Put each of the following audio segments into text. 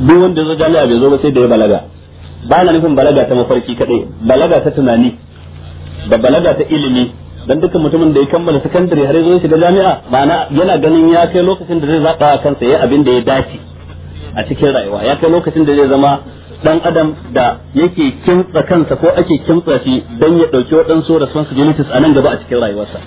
duk wanda zo jami'a bai zo ba sai da ya balaga ba na nufin balaga ta mafarki kadai balaga ta tunani da balaga ta ilimi dan dukkan mutumin da ya kammala sakandare har zo shiga jami'a ma'ana yana ganin ya kai lokacin da zai zaba a kansa yayi abin da ya dace a cikin rayuwa ya kai lokacin da zai zama dan adam da yake kintsa kansa ko ake kintsa shi dan ya dauki waɗansu responsibilities a nan gaba a cikin rayuwarsa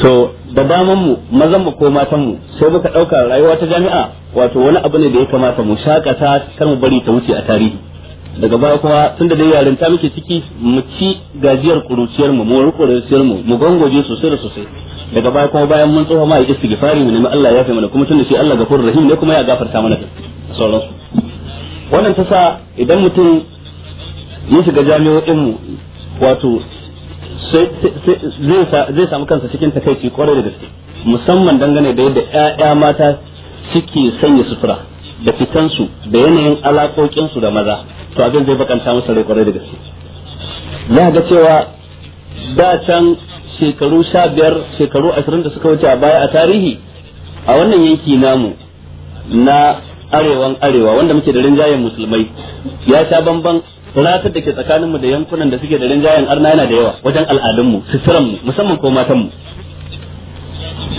to da daman mu mazan mu ko matan mu sai muka dauka rayuwa ta jami'a wato wani abu ne da ya kamata mu shakata kar mu bari ta wuce a tarihi daga baya kuma tun da dai yaren ta muke ciki mu ci gajiyar kuruciyar mu mu rukurciyar mu mu gongoje sosai da sosai daga baya kuma bayan mun tsofa ma yi istighfari mu nemi Allah ya yafe mana kuma tun da shi Allah gafurur rahim ne kuma ya gafarta mana su wannan tasa idan mutum ya shiga jami'o'in mu wato zai samu kansa cikin takaici kwarai da gaske musamman dangane da yadda yaya mata suke sanya sutura da fitansu da yanayin alaƙoƙinsu da maza to abin zai bakanta masa rai kwarai da gaske za ga cewa da can shekaru sha biyar shekaru ashirin da suka wuce a baya a tarihi a wannan yanki namu na arewan arewa wanda muke da rinjayen musulmai ya sha bamban wulatar da ke tsakaninmu da yankunan da suke da rinjayen arna yana da yawa wajen al'adunmu suturanmu musamman ko matanmu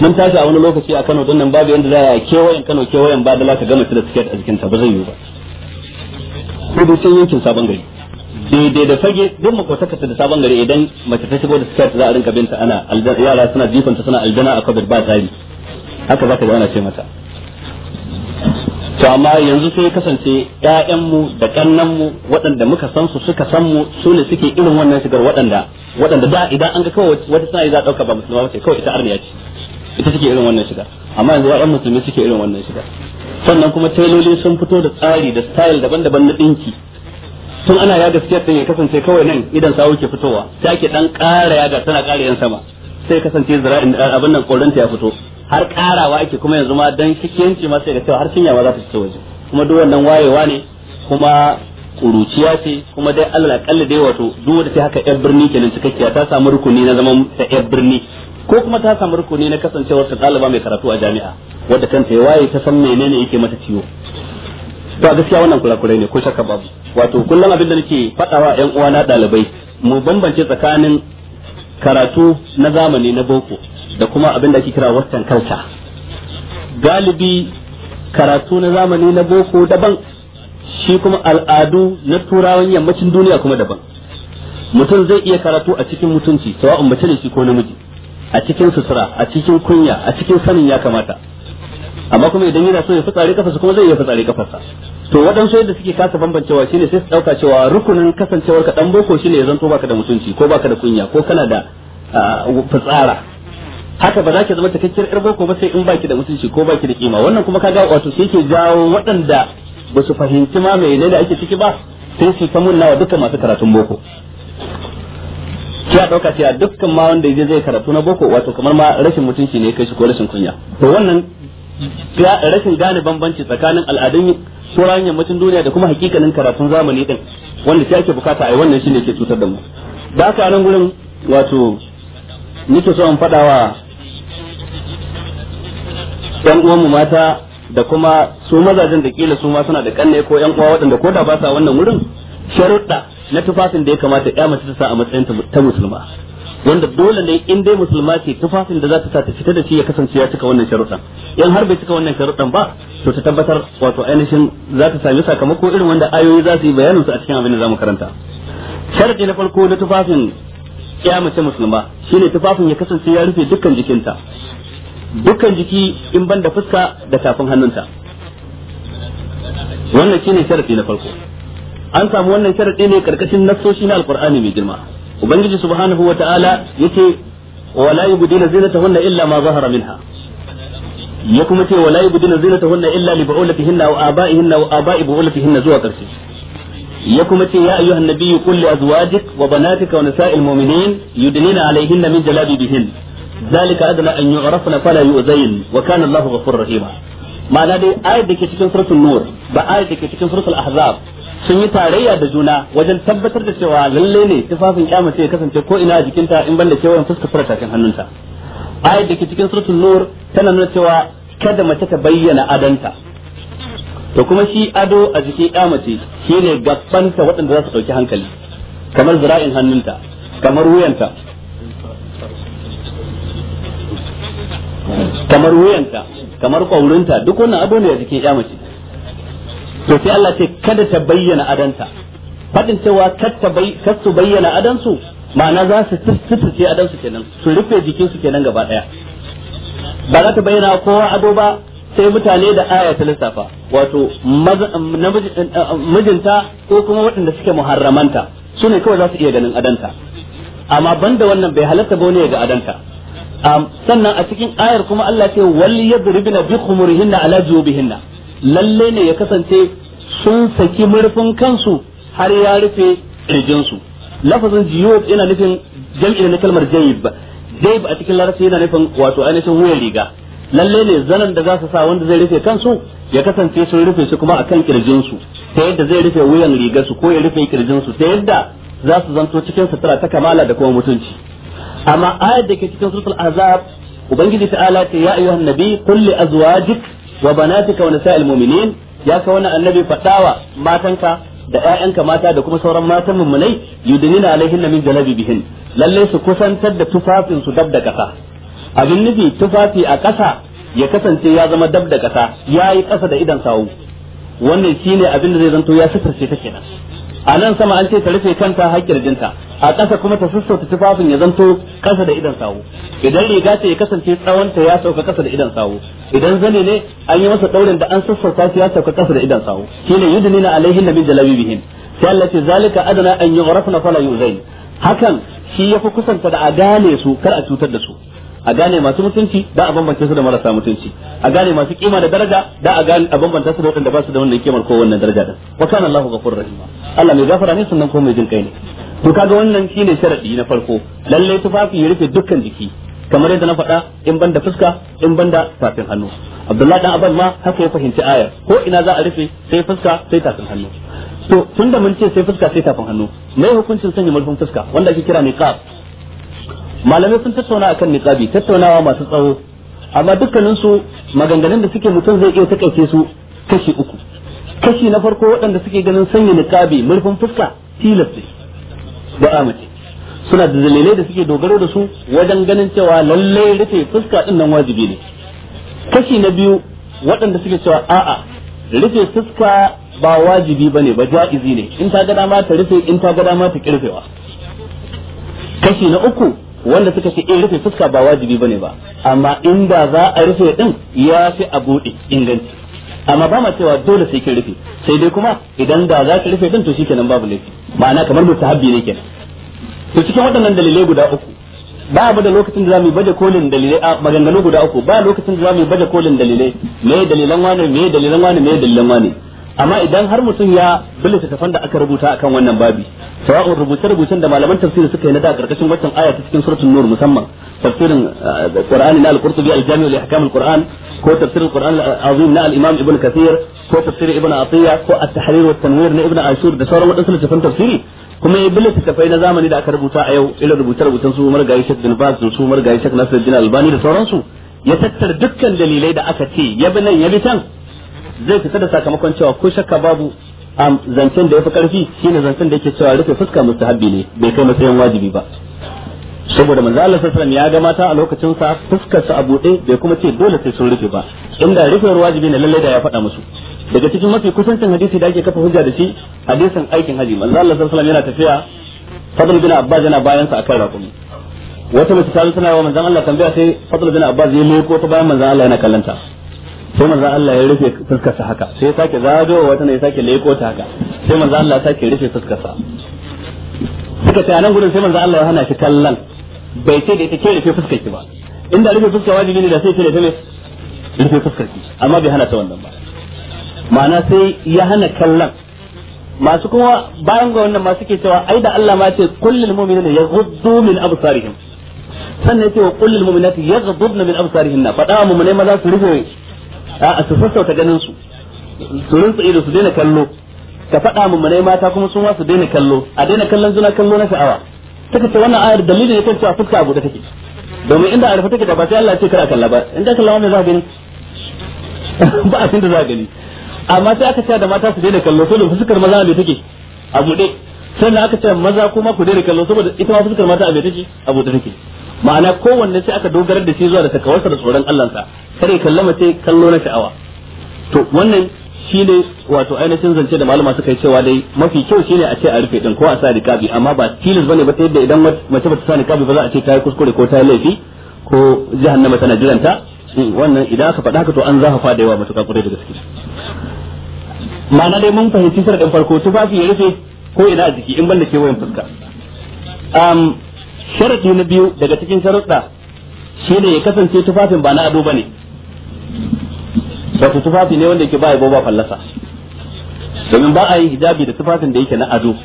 mun tashi a wani lokaci a Kano don nan babu yadda za a kewayen Kano kewayen da ka gama da tiket a jikinta ba zai yiwu ba ko da can yankin sabon gari daidai da fage duk makotaka da sabon gari idan mace ta shigo da siket za a rinka binta ana yara suna jifanta suna aljana a kabir ba tsari haka zaka ga ana ce mata to amma yanzu sai kasance ƴaƴanmu da ƙannanmu waɗanda muka san su suka san mu su ne suke irin wannan shigar waɗanda waɗanda da idan an ga kawai wata sana'i za a ɗauka ba musulma ba ce kawai ita arniya ce ita take irin wannan shigar amma yanzu ƴaƴan musulmi suke irin wannan shigar sannan kuma tailoli sun fito da tsari da style daban-daban na ɗinki tun ana ya gaskiyar ɗin ya kasance kawai nan idan sawu ke fitowa sai ake ɗan ƙara yaga tana ƙara yan sama sai kasance zira'in abin nan ƙoranta ya fito har karawa ake kuma yanzu ma dan shikiyanci ma sai ga cewa har cinya ma za ta ci waje kuma duk wannan wayewa ne kuma kuruciya ce kuma dai Allah kalli dai wato duk wanda sai haka yar birni kenan cikakkiya ta samu rukuni na zaman ta yar birni ko kuma ta samu rukuni na kasancewar ta ɗaliba mai karatu a jami'a wadda kanta ya waye ta san menene yake mata ciwo to a gaskiya wannan kurakurai ne ko shakka babu wato kullum abin da nake faɗawa uwa uwana ɗalibai mu bambance tsakanin karatu na zamani na boko da kuma abin da ake kira western culture galibi karatu na zamani na boko daban shi kuma al'adu na turawan yammacin duniya kuma daban mutum zai iya karatu a cikin mutunci sawa'un mace ne shi ko namiji a cikin sutura a cikin kunya a cikin sanin ya kamata amma kuma idan yana so ya fitsari kafarsa kuma zai iya fitsari kafarsa to waɗansu yadda suke kasa bambancewa shine sai su ɗauka cewa rukunin kasancewar ka dan boko shine ya zanto baka da mutunci ko baka da kunya ko kana da ah, fitsara haka ba za ki zama takakkiyar yar boko ba sai in baki da mutunci ko baki da kima wannan kuma kaga wato sai ke jawo waɗanda ba su fahimci ma mai da ake ciki ba sai su ta munna dukkan masu karatun boko ya dauka cewa dukkan ma wanda yaje zai karatu na boko wato kamar ma rashin mutunci ne kai shi ko rashin kunya to wannan rashin gane bambanci tsakanin al'adun sauran yammacin duniya da kuma hakikanin karatun zamani din wanda sai ake bukata ai wannan shine ke cutar da mu da haka nan gurin wato nake so in fada wa yan uwan mu mata da kuma su mazajen da kila su ma suna da kanne ko yan uwa waɗanda ko da ba sa wannan wurin sharuɗa na tufafin da ya kamata ya mace ta sa a matsayin ta musulma wanda dole ne in dai musulma ce tufafin da za ta sa ta fita da shi ya kasance ya cika wannan sharuɗan in har bai cika wannan sharuɗan ba to ta tabbatar wato ainihin za ta sami sakamako irin wanda ayoyi za su yi bayanin su a cikin abin da za mu karanta sharadi na farko na tufafin ya mace musulma shine tufafin ya kasance ya rufe dukkan jikinta dukkan jiki in ban da fuska da tafin hannunta wannan shine sharadi na farko an samu wannan sharadi ne karkashin nassoshi na alqur'ani mai girma ubangiji subhanahu wataala yace wala yubdina zinatahunna illa ma zahara minha ya kuma ce wala yubdina zinatahunna illa li ba'ulatihinna wa aba'ihinna wa aba'i ba'ulatihinna zuwa karshe ya kuma ce ya ayyuhan nabiyyu qul li azwajik wa banatika wa nisa'il mu'minin yudnina alayhinna min jalabibihinna zalika adna an yu'rafna fala yu'zayn wa kana Allahu ghafurur rahim ma'ana dai ayat dake cikin suratul nur da ayat dake cikin suratul sun yi tarayya da juna wajen tabbatar da cewa lalle ne tufafin kyamace ya kasance ko ina jikinta in banda in fuska fara tafin hannunta ayat ke cikin suratul nur tana nuna cewa kada mace ta bayyana adanta to kuma shi ado a jikin kyamace shine gaffanta waɗanda za su ɗauki hankali kamar zira'in hannunta kamar wuyanta kamar wuyanta kamar kwaurinta duk wannan ado ne a jikin ya mace to sai Allah ce kada ta bayyana adanta fadin cewa kar ta bayyana adansu ma'ana za su ce adansu kenan su rufe jikinsu kenan gaba daya ba za ta bayyana kowa ado ba sai mutane da aya ta lissafa wato mijinta ko kuma waɗanda suke muharramanta su ne kawai za su iya ganin adanta amma banda wannan bai halatta ba ne ga adanta Um, sannan a cikin ayar kuma Allah ce wal yadribna bi khumurihinna ala jubihinna lalle ne ya kasance sun saki murfin kansu har ya rufe su lafazin jiyub yana nufin jam'i na kalmar jayib jayib a cikin larabci yana nufin wato ainihin wuyan riga lalle ne zanan da za su sa wanda zai rufe kansu ya kasance sun rufe su kuma akan kirjinsu ta yadda zai rufe wuyan su ko ya rufe kirjinsu ta yadda za su zanto cikin sutura ta kamala da kuma mutunci amma ayat da ke cikin suratul azab ubangiji ta'ala ce ya ayyuhan nabi qul li azwajik wa banatika wa nisa'il mu'minin ya ka wannan annabi fadawa matanka da ƴaƴanka mata da kuma sauran matan mummunai yudinina alaihin min jalabi bihin lalle su kusantar da tufafin su dab da kasa abin nufi tufafi a kasa ya kasance ya zama dab da kasa yayi kasa da idan sawu wannan shine abin da zai zanto ya sitarce ta kenan a nan sama an ce ta rufe kanta hakkin kirjinta a ƙasa kuma ta sassauta tufafin ya zanto ƙasa da idan sawu idan riga ce ya kasance tsawonta ya sauka ƙasa da idan sawu idan zane ne an yi masa ɗaurin da an sassauta shi ya sauka ƙasa da idan sawu shine yudnina alaihin nabi jalabibihin sai Allah ce zalika adana an yu'rafna fala yuzain hakan shi yafi kusanta da a gane su kar a cutar da su a gane masu mutunci da a bambance su da marasa mutunci a gane masu kima da daraja da a gane a bambanta su da waɗanda ba su da wannan kimar ko wannan daraja din wa kana Allahu ghafurur rahim Allah mai gafara ne sannan ko mai jin kai ne to kaga wannan shine sharadi na farko lalle tufafi ya rufe dukkan jiki kamar yadda na faɗa in banda fuska in banda tafin hannu Abdullahi dan Abbas ma haka ya fahimci ayar ko ina za a rufe sai fuska sai tafin hannu to tunda mun ce sai fuska sai tafin hannu mai hukuncin sanya murfin fuska wanda ake kira niqab malamai sun tattauna akan niqabi tattaunawa masu tsawo amma dukkanin su maganganun da suke mutum zai iya takaice su kashi uku kashi na farko waɗanda suke ganin sanya niqabi murfin fuska tilas ne ba suna da dalilai da suke dogaro da su wajen ganin cewa lalle rufe fuska din nan wajibi ne kashi na biyu waɗanda suke cewa a'a rufe fuska ba wajibi bane ba ja'izi ne in ta ga dama ta rufe in ta ga dama ta kirfewa kashi na uku wanda suka ce in rufe fuska ba wajibi bane ba amma da za a rufe din ya fi a bude inganci amma ba ma cewa dole sai ki rufe sai dai kuma idan da za ka rufe din to shikenan babu laifi ma'ana kamar habbi ne kenan to cikin waɗannan dalilai guda uku ba mu da lokacin da zamu baje kolin dalilai a maganganu guda uku ba lokacin da zamu baje kolin dalilai me dalilan wani me dalilan wani me dalilan wani amma idan har mutum ya bulle tafan da aka rubuta akan wannan babi sawa'un rubuce rubucen da malaman tafsiri suka yi na da karkashin watan aya ta cikin suratul nur musamman tafsirin eh, qur'ani na al-qurtubi al-jami' li ahkam al-qur'an ko tafsirin qur'an al-azim na al-imam ibn kathir ko tafsirin ibn atiya ko at-tahrir wa tanwir na ibn ashur da sauran wadansu tafan tafsiri kuma ya bulle tafai na zamani da aka rubuta a yau irin rubuce rubucen su Umar Gayi Sheikh bin Baz su Umar Nasiruddin Albani da sauransu ya tattar dukkan dalilai da aka ce ya bi nan ya bi can zai fitar da sakamakon cewa ko shakka babu am zancen da yafi karfi shine zancen da yake cewa rufe fuska mustahabbi ne bai kai matsayin wajibi ba saboda manzo Allah sallallahu alaihi ya ga mata a lokacin sa fuskar su a bude bai kuma ce dole sai sun rufe ba inda rufe wajibi ne lalle da ya faɗa musu daga cikin mafi kusancin hadisi da ake kafa hujja da shi hadisin aikin haji manzo Allah sallallahu alaihi yana tafiya fadl bin abbas yana bayan sa akan rakumi wata mace ta zo tana wa manzon Allah tambaya sai fadl bin abbas ya leko ta bayan manzon Allah yana kallanta sai manzo Allah ya rufe fuskarsa haka sai ya sake zagawa wata ne ya sake leko ta haka sai manzo Allah ya sake rufe fuskarsa suka ce anan gurin sai manzo Allah ya hana shi kallon bai ce da ita ke rufe fuskar ki ba inda rufe fuskar wajibi ne da sai ce da ta ne rufe fuskar ki amma bai hana ta wannan ba ma'ana sai ya hana kallon masu kuma bayan ga wannan masu ke cewa ai da Allah ma ce kullul mu'minina yaghuddu min absarihim sannan ce wa kullul mu'minati yaghdudna min absarihinna fada mu ne maza su rufe a su sassauta ganin su su rinsu ido su daina kallo ka faɗa mu manai mata kuma sun wasu daina kallo a daina kallon zuna kallo na sha'awa take ce wannan ayar dalilin yakan cewa fuska abu da take domin inda arfa take da ba sai Allah ya ce kar a kalla ba in ka kalla wannan za ka gani ba a da za ka gani amma sai aka ce da mata su daina kallo to da fuskar maza ne take a buɗe sannan aka ce maza kuma ku daina kallo saboda ita ma fuskar mata a bai take a buɗe take ma'ana kowanne sai aka dogara da shi zuwa da takawarsa da tsoron Allah sa kare kallama sai kallo na sha'awa to wannan shine wato ainihin zance da malama suka yi cewa dai mafi kyau shine a ce a rufe din ko a sa rikabi amma ba tilas bane ba ta yadda idan mace ba ta sa rikabi ba za a ce ta yi kuskure ko ta yi laifi ko jahannama tana jiranta wannan idan aka faɗa ka to an zahafa da yawa matuƙa ƙwarai da gaske ma'ana dai mun fahimci sirrin farko tufafi ya rufe ko ina a jiki in banda kewayen fuska sharadi na biyu daga cikin sharuɗa ne ya kasance tufafin ba na ado ba ne. wato tufafi ne wanda yake ba ba fallasa domin ba a yi hijabi da tufafin da yake na ado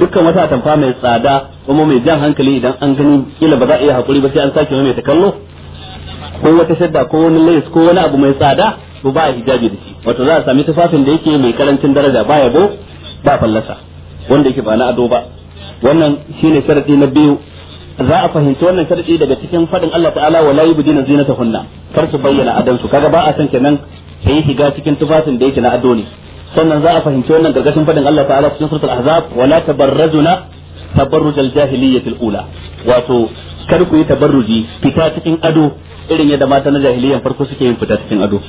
dukkan wata atamfa mai tsada kuma mai jan hankali idan an gani kila ba za a iya hakuri ba sai an sake mai ta kallo ko wata shadda ko wani lace ko wani abu mai tsada ko ba a hijabi da shi wato za a sami tufafin da yake mai karancin daraja ba yabo ba fallasa wanda yake ba na ado ba wannan shine sharadi na biyu za a fahimci wannan sharadi daga cikin fadin Allah ta'ala wa la yubdina zinatahunna kar su bayyana adan su kaga ba a san kenan sai shiga cikin tufafin da yake na ado ne sannan za a fahimci wannan gargashin fadin Allah ta'ala cikin suratul ahzab wa la tabarrajuna tabarrujal jahiliyyatil ula wato kar ku yi tabarruji fita cikin ado irin yadda mata na jahiliyyar farko suke yin fita cikin ado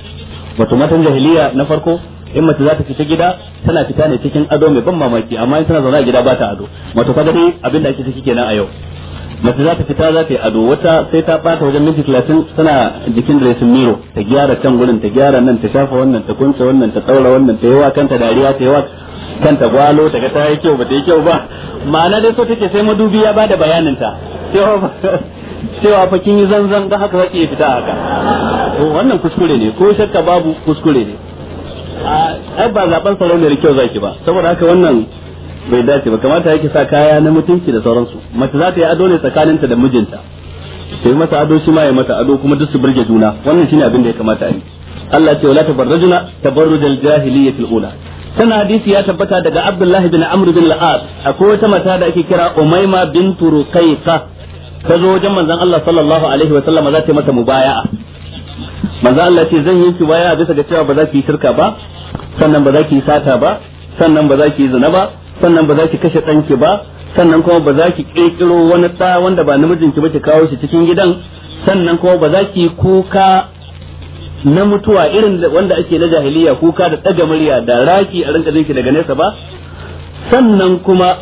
wato matan jahiliya na farko in mace za ta fita gida tana fita ne cikin ado mai ban mamaki amma in tana zaune a gida ba ta ado wato kaga dai abin da ake ciki kenan a yau mace za ta fita za ta yi ado wata sai ta bata wajen minti talatin tana jikin dressing miro ta gyara can gurin ta gyara nan ta shafa wannan ta kunce wannan ta tsaura wannan ta yi wa kanta dariya ta yi wa kanta gwalo ta ga ta yi kyau ba ta yi kyau ba ma'ana dai so take sai madubi ya bada bayanin ta cewa fa kin yi zanzan da haka zaki fita haka to wannan kuskure ne ko shakka babu kuskure ne ai ba zaben sarauniyar kyau zaki ba saboda haka wannan bai dace ba kamata yake sa kaya na mutunci da sauransu mace za ta yi ado ne tsakaninta da mijinta ta yi masa ado shi ma ya mata ado kuma duk su burge juna wannan shine abin da ya kamata a yi Allah ce wala tabarrajuna tabarrujal jahiliyyatil ula sana hadisi ya tabbata daga Abdullahi bin Amr bin al-As akwai wata mata da ake kira Umayma bintu Ruqayqa ta zo wajen manzon Allah sallallahu alaihi wa sallam za ta yi mata mubaya'a manzon Allah ce zan yi ki baya bisa ga cewa ba za ki yi shirka ba sannan ba za ki yi sata ba sannan ba za ki yi zina ba sannan ba za ki kashe ɗanki ba sannan kuma ba za ki ƙirƙiro wani ɗa wanda ba namijinki ba ki kawo shi cikin gidan sannan kuma ba za ki kuka na mutuwa irin wanda ake na jahiliya kuka da ɗaga murya da raki a rinka jinki daga nesa ba sannan kuma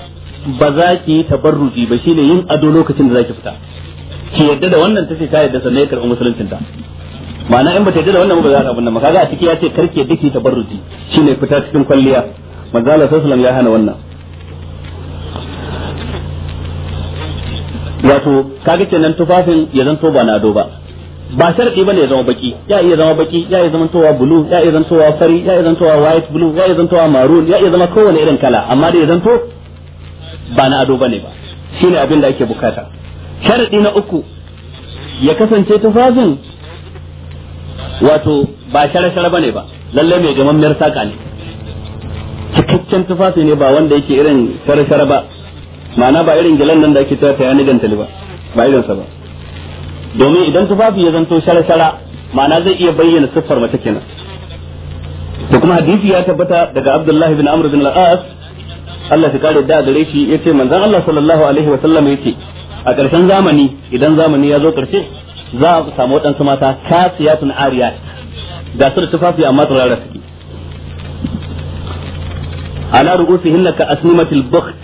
ba za ki yi tabarruji ba shine yin ado lokacin da za ki fita ki yadda da wannan tace ta yadda sannan ya karɓi musuluncin ta ma'ana in ba ta yadda da wannan ba za ka abin nan kaga a ciki ya ce karke duk ki tabarruji shine fita cikin kwalliya manzo Allah sallallahu alaihi ya hana wannan wato kaga kenan tufafin ya zanto ba na ado ba ba sharadi bane ya zama baki ya iya zama baki ya iya zama towa blue ya iya zama towa fari ya iya zama towa white blue ya iya zama towa maroon ya iya zama kowane irin kala amma da ya zanto ba na ado bane ba shine abin da ake bukata sharadi na uku ya kasance tufafin wato ba shara-shara bane ba lalle mai gaman saka ne cikakken tufafi ne ba wanda yake irin shara ba ma'ana ba irin gilan nan da ake ta ta yanar tali ba ba irin sa ba domin idan tufafi ya zanto shara-shara ma'ana zai iya bayyana siffar mace kenan to kuma hadisi ya tabbata daga Abdullahi bin Amr bin al-As Allah ya kare da gare shi yace manzon Allah sallallahu alaihi wa sallam yace a ƙarshen zamani idan zamani ya zo ƙarshe za a samu waɗansu mata kasiyatun ariyat ga su da tufafi amma turara suke ala ru'usihinna ka asnimatil bukht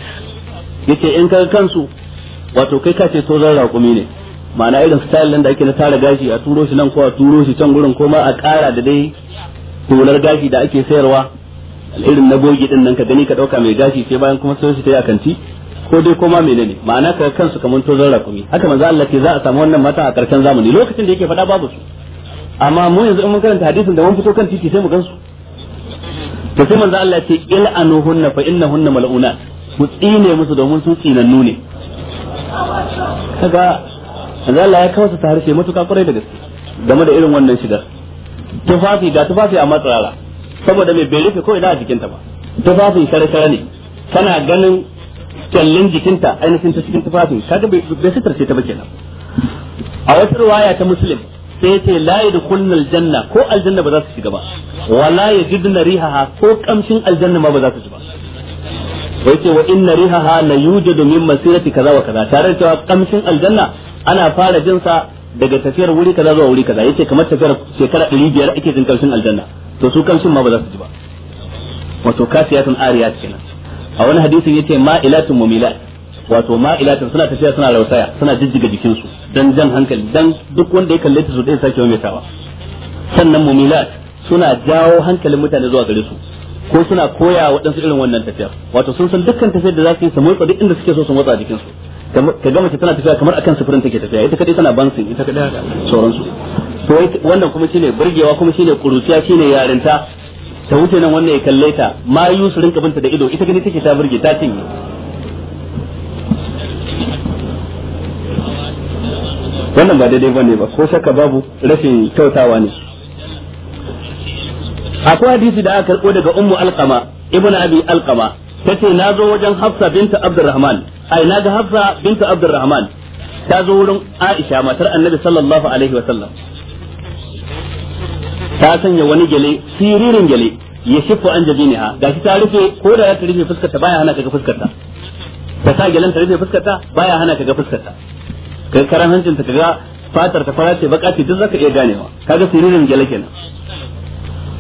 yace in ka kansu wato kai ka ce tozon raƙumi ne ma'ana irin style nan da ake na tara gashi a turo shi nan ko a turo shi can gurin ko ma a ƙara da dai tular gashi da ake sayarwa irin na bogi din nan ka gani ka ɗauka mai gashi sai bayan kuma sai shi ta yi a kanti ko dai koma menene ma'ana ka kansu kamar tozon raƙumi haka manzo Allah ke za a samu wannan mata a ƙarshen zamani lokacin da yake faɗa babu su amma mu yanzu in mun karanta hadisin da mun fito kan titi sai mu gansu to sai manzo Allah ce il anuhunna fa innahunna mal'una su tsine musu domin su tsinannu ne kaga manzo Allah ya kawo ta harshe mutuka kurai da gaske game da irin wannan shigar tufafi ga tufafi a matsarara saboda mai bai rufe ko ina a ta ba tufafin sare-sare ne kana ganin kyallin jikinta ainihin ta cikin tufafin kaga bai sitar ce ta ba kenan a wata ruwaya ta musulmi sai ce la yadkhulna aljanna ko aljanna ba za su shiga ba wala ya yajidna rihaha ko kamshin aljanna ma ba za su shiga ba yace wa inna rihaha la yujadu min masirati kaza wa kaza tare da kamshin aljanna ana fara jin sa daga tafiyar wuri kaza zuwa wuri kaza yace kamar tafiyar shekara 500 ake jin kamshin aljanna to su kamshin ma ba za su ji ba wato kasiyatun ariyat kenan a wani hadisin yace ma'ilatun mumilat wato ma'ilatun suna tafiya suna lausaya suna jijjiga jikinsu dan jan hankali dan duk wanda ya kalle ta su ɗaya sake maimaitawa sannan mumilat suna jawo hankalin mutane zuwa gare su ko suna koya waɗansu irin wannan tafiyar wato sun san dukkan tafiyar da za su yi su motsa duk inda suke so su motsa jikin jikinsu ka ga mace tana tafiya kamar akan sufurin take tafiya ita kadai tana bansin ita kadai sauransu to wannan kuma shine burgewa kuma shine kuruciya shine yarinta ta wuce nan wannan ya kalle ta ma yusu rinka binta da ido ita gani take ta burge ta cinye wannan ba daidai bane ba ko shakka babu rashin kyautawa ne akwai hadisi da aka karbo daga ummu alqama ibn abi alqama tace na zo wajen hafsa binta abdurrahman ai na ga hafsa binta abdurrahman ta zo wurin aisha matar annabi sallallahu alaihi wa sallam ta sanya wani gele siririn gele ya shifu an jabiniha gashi ta rufe ko da ta rufe fuskar ta baya hana ka ga fuskar ta ta sa gelen ta rufe fuskar ta baya hana ka ga fuskar ta kai karan hancin ta kaga fatar ta fara ce baka ce duk zaka iya ganewa kaga siririn gele kenan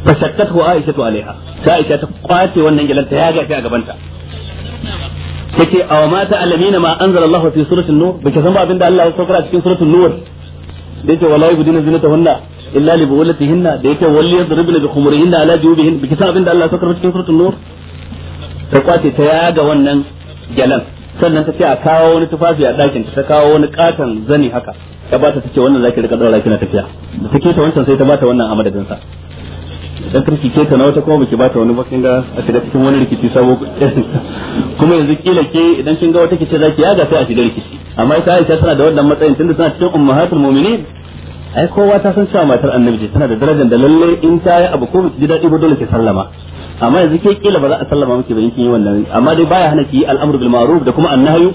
fa shakkatu aisha tu alaiha ta aisha ta kwace wannan gyalan ta yaga shi a gabanta take aw ma ta alamina ma anzalallahu fi suratul nur baka san ba abinda Allah ya saukar a cikin suratul nur da yake wallahi budina zinatahunna illa li bu'ulatihinna da yake walli yadribna bi khumurihinna ala jubihin baka san abinda Allah ya saukar a cikin suratul nur ta kwace ta yaga wannan gyalan sannan ta ce a kawo wani tufafi a ɗakin ta kawo wani katon zani haka ta bata ta ce wannan zaki rika daura kina tafiya da ta wancan sai ta bata wannan a dinsa dan kirki ta na wata kuma baki bata wani bakin da a shiga cikin wani rikici sabo kuma yanzu kila ke idan kin ga wata ce zaki yaga sai a shiga rikici amma ita Aisha tana da wannan matsayin tunda tana cikin ummahatul mu'minin ai kowa ta san cewa matar annabi tana da darajar da lalle in ta yi abu ko ji dadi ba dole ke sallama amma yanzu ke kila ba za a sallama miki ba in kin yi wannan amma dai baya hana ki al'amru bil ma'ruf da kuma annahyu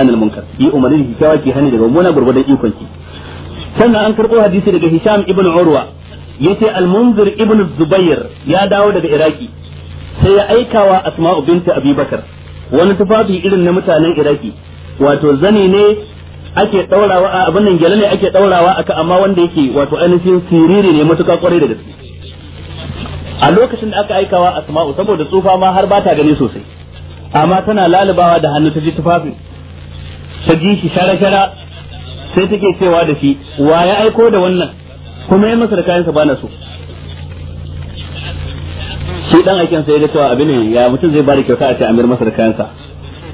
anil munkar yi umarni da kyakkyawa ki hani daga muna gurgurdan ikon ki sannan an karbo hadisi daga Hisham ibn Urwa yace al-Munzir ibn Zubair ya dawo daga Iraki sai ya aikawa Asma'u binti Abi Bakar wani tufafi irin na mutanen Iraki wato zani ne ake daurawa abin nan gyale ne ake daurawa aka amma wanda yake wato ainihin siriri ne matuƙa kwarai da gaske a lokacin da aka aikawa asma'u saboda tsufa ma har ba ta gani sosai amma tana lalubawa da hannu ta ji tufafin ta ji shi shara-shara sai take cewa da shi wa ya aiko da wannan kuma ya masa da kayansa ba na so shi dan aikin sai ya cewa abin ne ya mutum zai bada kyauta a ce amir masa da sa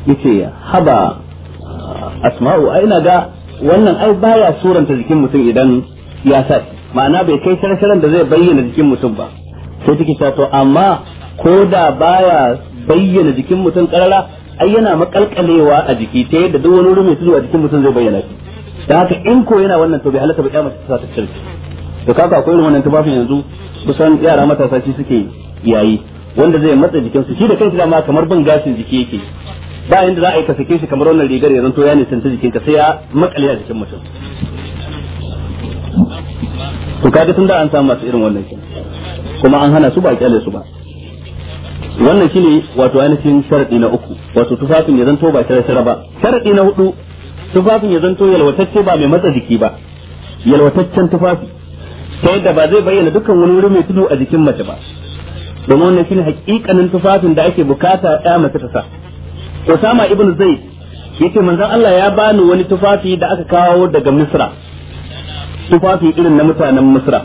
yace ya haba asma'u ai ina ga wannan ai baya suranta jikin mutum idan ya sa ma'ana bai kai shara-sharan da zai bayyana jikin mutum ba sai take cewa to amma ko da baya bayyana jikin mutum karara ai yana makalkalewa a jiki ta yadda duk wani rumi tudu a jikin mutum zai bayyana shi dan haka in ko yana wannan to bai halatta ba kyamata ta ta cirki to kaka akwai irin wannan tufafin yanzu kusan yara matasa shi suke yayi wanda zai matsa jikin su shi da kansa dama kamar ban gashin jiki yake ba yanda za a yi ka sake shi kamar wannan rigar ya zanto ya nisanta jikin ka sai ya makale a jikin mutum to kaga tun da an samu masu irin wannan kin kuma an hana su ba kyale su ba wannan shine wato ainihin sharadi na uku wato tufafin ya zanto ba shara ba sharadi na hudu tufafin ya zanto yalwatacce ba mai matsa jiki ba yalwataccen tufafi ta yadda ba zai bayyana dukkan wani wuri mai tudu a jikin mace ba domin wannan shine hakikanin tufafin da ake bukata ya mace ta sa Osama ibn Zaid yace manzon Allah ya bani wani tufafi da aka kawo daga Misra tufafi irin na mutanen Misra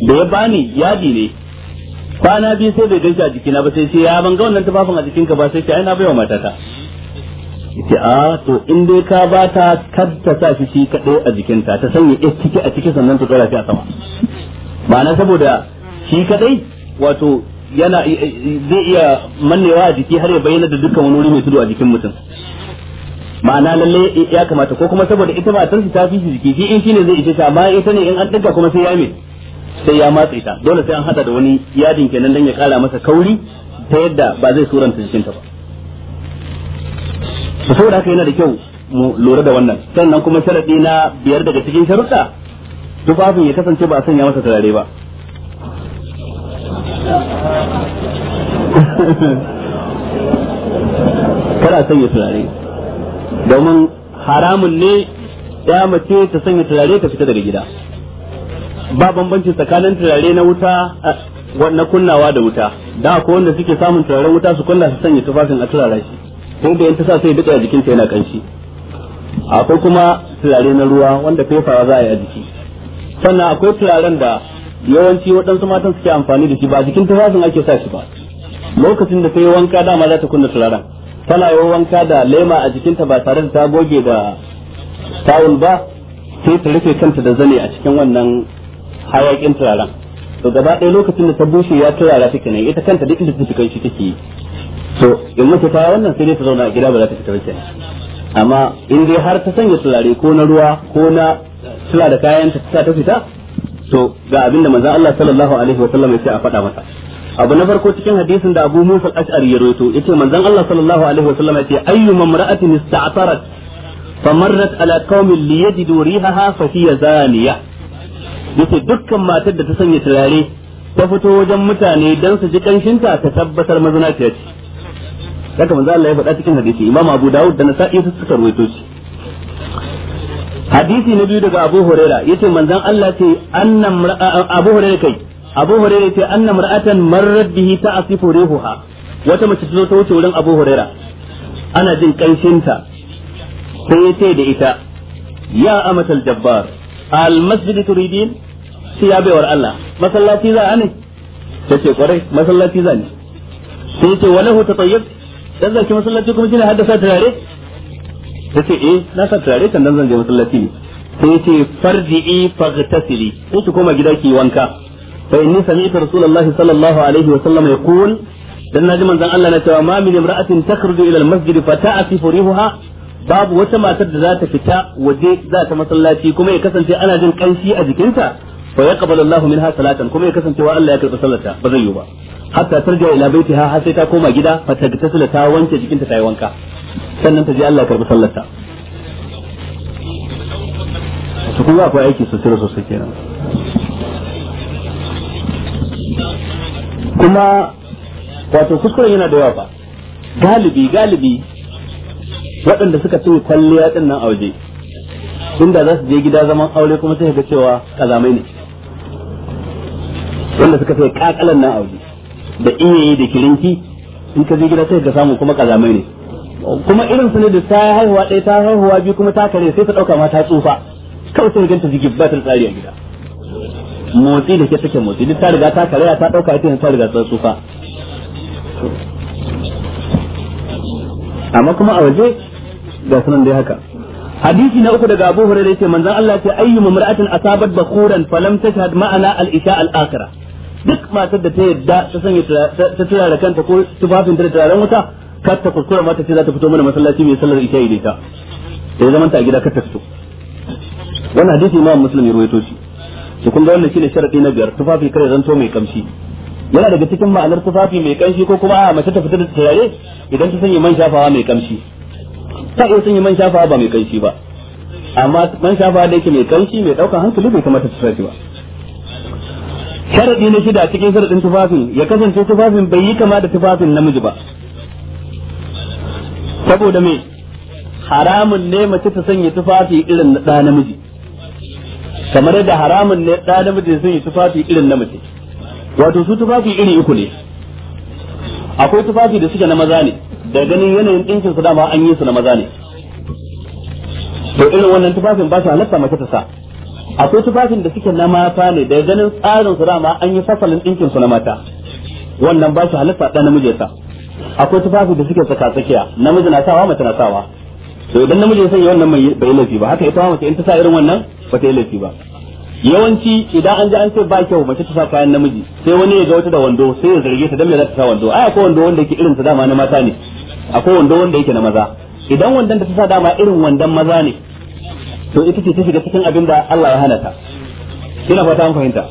da ya bani yadi ne kwana biyu sai bai gaisa jikina ba sai ce ya ban ga wannan tufafin a jikinka ba sai ce ai na baiwa matata yace a to in dai ka ba ta kar ta sa shi shi kadai a jikinta ta sanya ya ciki a ciki sannan ta tsara shi a sama ma'ana saboda shi kadai wato yana eh, eh, zai iya mannewa a jiki har ya bayyana da dukkan wani wuri mai tudu a jikin mutum ma'ana lalle eh, ya kamata ko kuma saboda ita matar ta fi jiki shi in shine zai ita ta amma ita ne in an dinka kuma sai ya mai sai ya matse ta dole sai an hada da wani yadin kenan dan ya kara masa kauri ta yadda ba zai suranta jikinta ba to saboda haka yana da kyau mu lura da wannan sannan kuma sharadi na biyar daga cikin sharuɗa tufafin ya kasance ba a sanya masa turare ba kada sanya turare domin haramun ne ya mace ta sanya turare ta fita daga gida ba bambanci tsakanin turare na wuta na kunnawa da wuta da ko wanda suke samun turaren wuta su kunna su sanya tufafin a turara shi ko da yanta sa sai duka a jikinta yana kanshi akwai kuma turare na ruwa wanda fefawa za a yi a jiki sannan akwai turaren da yawanci waɗansu matan suke amfani da shi ba jikin tufafin ake sa shi ba lokacin da ta yi wanka dama za ta kunna turaren tana yi wanka da lema a jikinta ba tare da ta goge da tawul ba sai ta rufe kanta da zane a cikin wannan hayakin turaren to gaba ɗaya lokacin da ta bushe ya turara take nan ita kanta duk inda ta shi take to in mace ta wannan sai dai ta zauna a gida ba za ta fita ba kenan amma in dai har ta sanya turare ko na ruwa ko na tura eh, da kayan ta ta fita to ga abin da manzon Allah sallallahu alaihi wa sallam ya a faɗa mata abu na farko cikin hadisin da Abu Musa al-Ash'ari ya rawaito yace manzon Allah sallallahu alaihi wa sallam yace ayyu mamra'atin ista'tarat famarrat ala qaumin liyajidu rihaha fa hiya zaniya yace dukkan matar da ta sanya turare ta fito wajen mutane dan su ji kanshinta ta tabbatar mazinaciya ce haka manzo Allah ya faɗa cikin hadisi Imam Abu Dawud da Nasa'i su suka rawaito shi hadisi na biyu daga Abu Huraira yace manzon Allah ce annam Abu Huraira kai Abu Huraira ce annam ra'atan marrat bihi ta ta'sifu rihuha wata mace ta wuce wurin Abu Huraira ana jin kanshinta sai ya ce da ita ya amatal jabbar al masjid turidin sai ya baiwar Allah masallaci za ne ta ce kwarai masallaci za ne sai ce wani hutu tsayyar dan zaki masallaci kuma shi ne haddasa turare ta ce eh na sa turare kan dan zan je masallaci ne sai ce farji'i faghtasili sai ki koma gida ki wanka fa inni sami'tu rasulullahi sallallahu alaihi wa sallam yaqul dan naji manzon Allah na cewa ma min imra'atin takhruju ila al-masjid fa ta'sifu rihuha babu wata matar da za ta fita waje za ta masallaci kuma ya kasance ana jin kanshi a jikinta fa yaqbalu Allah minha salatan kuma ya kasance wa Allah ya karɓi sallata ba zai yi ba hatta tarja ila baitiha har sai ta koma gida fa tagtasila ta wanke jikinta ta yi wanka sannan ta je Allah ya karɓi sallata. to kuma akwai aiki sosai da sosai kenan kuma wato kuskuren yana da yawa ba galibi galibi waɗanda suka fi kwalliya ɗin nan a waje inda za su je gida zaman aure kuma sai ga cewa kazamai ne wanda suka sai kakalan nan abu da iyaye da kirinki in ka je gida sai ka samu kuma kazamai ne kuma irin su ne da ta haihuwa ɗaya ta haihuwa biyu kuma ta kare sai ta ɗauka ma ta tsufa kawai sai ganta jiki ba ta tsari a gida motsi da ke take motsi duk ta riga ta kare ta ɗauka ita ta riga ta tsufa amma kuma a waje ga sunan dai haka hadisi na uku daga Abu Hurairah yace manzon Allah ce ayyu mar'atin asabat bakhuran falam tashhad ma'ana al-isha al-akhirah duk matar da ta yadda ta sanya ta turare kanta ko tufafin da turaren wuta kar ta kuskura mata ce za ta fito mana masallaci mai sallar isha da ita da ya zamanta a gida kar ta fito wannan hadisi imam muslim ya ruwaito shi to kun ga wannan shine sharadi na biyar tufafi kare zanto mai kamshi yana daga cikin ma'anar tufafi mai kamshi ko kuma a mace ta fita da turare idan ta sanya man shafawa mai kamshi ta iya sanya man shafawa ba mai kamshi ba amma man shafawa da yake mai kamshi mai daukan hankali bai kamata ta sace ba sharadi na shida cikin sharadin tufafin ya kasance tufafin bai yi kama da tufafin namiji ba saboda me haramun ne mace ta sanya tufafi irin na da namiji kamar yadda haramun ne da namiji sun yi tufafi irin na mace wato su tufafi iri uku ne akwai tufafi da suke na maza ne da ganin yanayin dinkin su dama an yi su na maza ne to irin wannan tufafin ba su halatta mace ta sa akwai tufafin da suke na mata ne da ganin tsarin su dama an yi fasalin ɗinkin su na mata wannan ba shi halitta ɗan namiji ya sa akwai tufafi da suke tsaka tsakiya namiji na sawa mace na sawa to idan namiji ya sanya wannan bai laifi ba haka ita mace in ta sa irin wannan ba ta yi laifi ba yawanci idan an ji an ce ba kyau mace ta sa kayan namiji sai wani ya ga wata da wando sai ya zarge ta dan me za ta sa wando ai akwai wando wanda yake irin ta dama na mata ne akwai wando wanda yake na maza idan wandan da ta sa dama irin wandan maza ne to ita ce ta shiga cikin abin da Allah ya hana ta ina fata an fahimta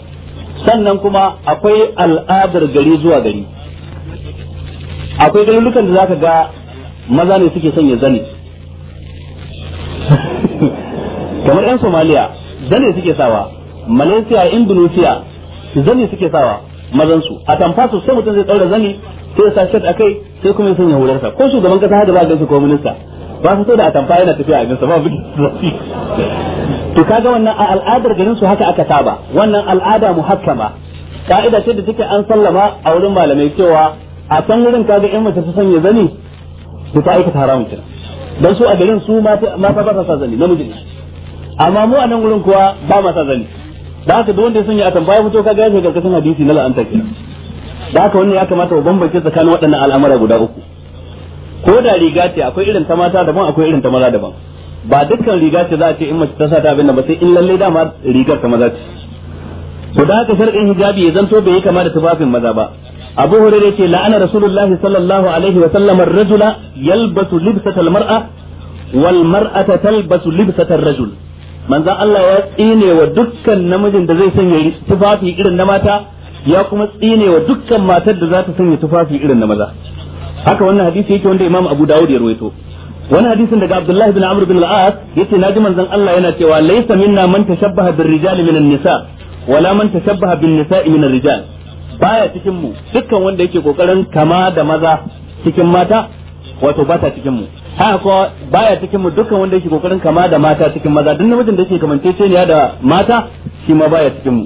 sannan kuma akwai al'adar gari zuwa gari akwai galukan da zaka ga maza ne suke sanya zani kamar yan Somalia zane suke sawa Malaysia Indonesia zani suke sawa mazan su a tamfa sai mutum zai tsaura zani sai ya sa shirt akai sai kuma ya sanya hularsa ko shugaban kasa hada ba ga shi ko minista ba su so da atamfa yana tafiya a gansa ba bugi zafi to kaga wannan a al'adar garin su haka aka saba wannan al'ada muhakkama ka'ida ce da take an sallama a wurin malamai cewa a san wurin kaga in mace ta sanya zani to ta aikata haramun kina dan su a garin su mata ba ta sa zani namiji ne amma mu a nan wurin kuwa ba ma sa zani da haka duk wanda ya sanya atamfa ya fito kaga ya shiga karkashin hadisi na la'anta kira da haka wannan ya kamata ku bambance tsakanin waɗannan al'amura guda uku ko da riga ce akwai irin ta mata daban akwai irin ta maza daban ba dukkan riga ce za a ce in mace ta sa ta abin da ba sai in lalle dama rigar ta maza ce to da haka sharqin hijabi ya zanto bai yi kama da tufafin maza ba abu hurairah ce la'ana rasulullahi sallallahu alaihi wa sallam ar-rajula yalbasu libsata al-mar'a wal mar'ata talbasu libsata ar-rajul manzo Allah ya tsine wa dukkan namijin da zai sanya tufafi irin na mata ya kuma tsine wa dukkan matar da za ta sanya tufafi irin na maza haka wannan hadisi yake wanda Imam Abu Dawud ya rawaito wani hadisin daga Abdullahi bin Amr bin al-As yace naji manzon Allah yana cewa laysa minna man tashabbaha bir rijali min an-nisa wala man tashabbaha bin nisa'i min ar-rijal baya cikin mu dukkan wanda yake kokarin kama da maza cikin mata wato bata cikin mu haka ko baya cikin mu dukkan wanda yake kokarin kama da mata cikin maza duk namijin da yake kamanceceniya da mata shi ma baya cikin mu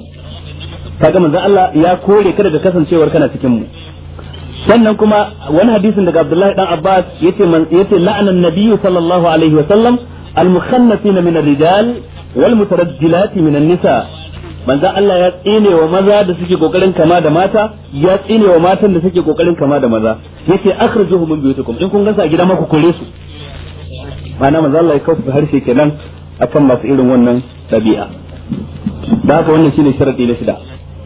kaga manzon Allah ya kore kada da kasancewar kana cikin mu sannan kuma wani hadisin daga Abdullahi dan Abbas yace man yace la'anan nabiyyu sallallahu alaihi wa sallam al-mukhannafin min ar-rijal wal mutarajjilat min an-nisa manzo Allah ya tsine wa maza da suke kokarin kama da mata ya tsine wa matan da suke kokarin kama da maza yace akhrijuhum min buyutikum in kun gansa a gida maku kore su ma'ana manzo Allah ya kawo harshe kenan akan masu irin wannan ɗabi'a da haka wannan shine sharadi na shida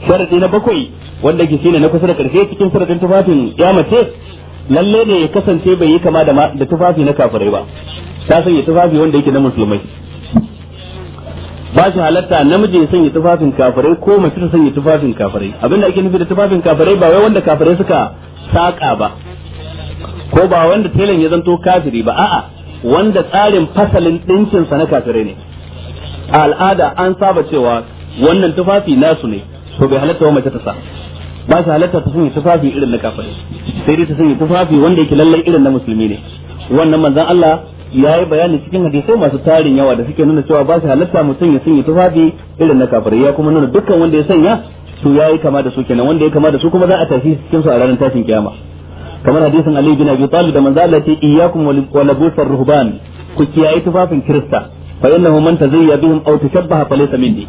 sharadi na bakwai wanda ke shine na kusa da karshe cikin sharadin tufafin ya mace lalle ne ya kasance bai yi kama da tufafi na kafirai ba ta sanya tufafi wanda yake na musulmai ba shi halatta namiji ya sanya tufafin kafirai ko mace ta sanya tufafin kafirai abinda ake nufi da tufafin kafirai ba wai wanda kafirai suka saka ba ko ba wanda telan ya zanto kafiri ba a'a wanda tsarin fasalin dinkin sa na kafirai ne a al'ada an saba cewa wannan tufafi nasu ne so bai halatta wa mace ta sa ba su halatta ta sanya tufafi irin na kafare sai dai ta sanya tufafi wanda yake lallai irin na musulmi ne wannan manzon Allah ya yi bayani cikin hadisai masu tarin yawa da suke nuna cewa ba su halatta mutum ya sunyi tufafi irin na kafare ya kuma nuna dukkan wanda ya sanya to ya yi kama da su kenan wanda ya kama da su kuma za a tafi cikin su a ranar tashin kiyama kamar hadisin Ali bin Abi Talib da manzo Allah ya ce iyyakum wa labusar ruhban ku kiyaye tufafin kirista fa innahu man tazayya bihim aw tashabbaha fa laysa minni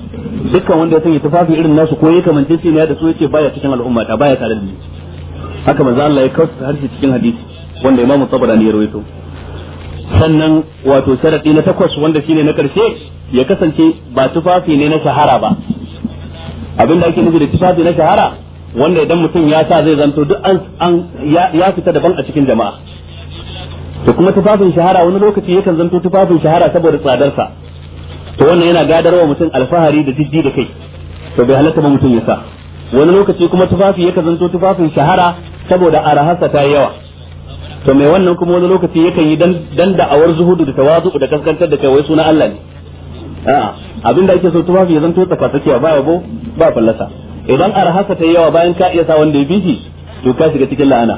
dukkan wanda ya sanya tufafi irin nasu ko ya kamance shi ne da su yace baya cikin al'umma ta baya tare da ni haka manzo Allah ya kawo harshe cikin hadisi wanda Imam Tabarani ya rawaito sannan wato sharadi na takwas wanda shine na karshe ya kasance ba tufafi ne na shahara ba abinda ake nufi da tufafi na shahara wanda idan mutum ya sa zai zanto duk an ya fita daban a cikin jama'a to kuma tufafin shahara wani lokaci yakan zanto tufafin shahara saboda tsadarsa to wannan yana gadarwa mutum alfahari da jiddi da kai to bai halatta ba mutum ya sa wani lokaci kuma tufafi yakan zanto tufafin shahara saboda araharsa ta yawa to mai wannan kuma wani lokaci yakan yi dan da'awar zuhudu da tawazu da kaskantar da kai wai suna Allah ne a'a abinda ake so tufafi ya zanto tsakatsakiya ba yabo ba fallasa idan arhasa ta yi yawa bayan ka iya sa wanda ya bihi to ka shiga cikin la'ana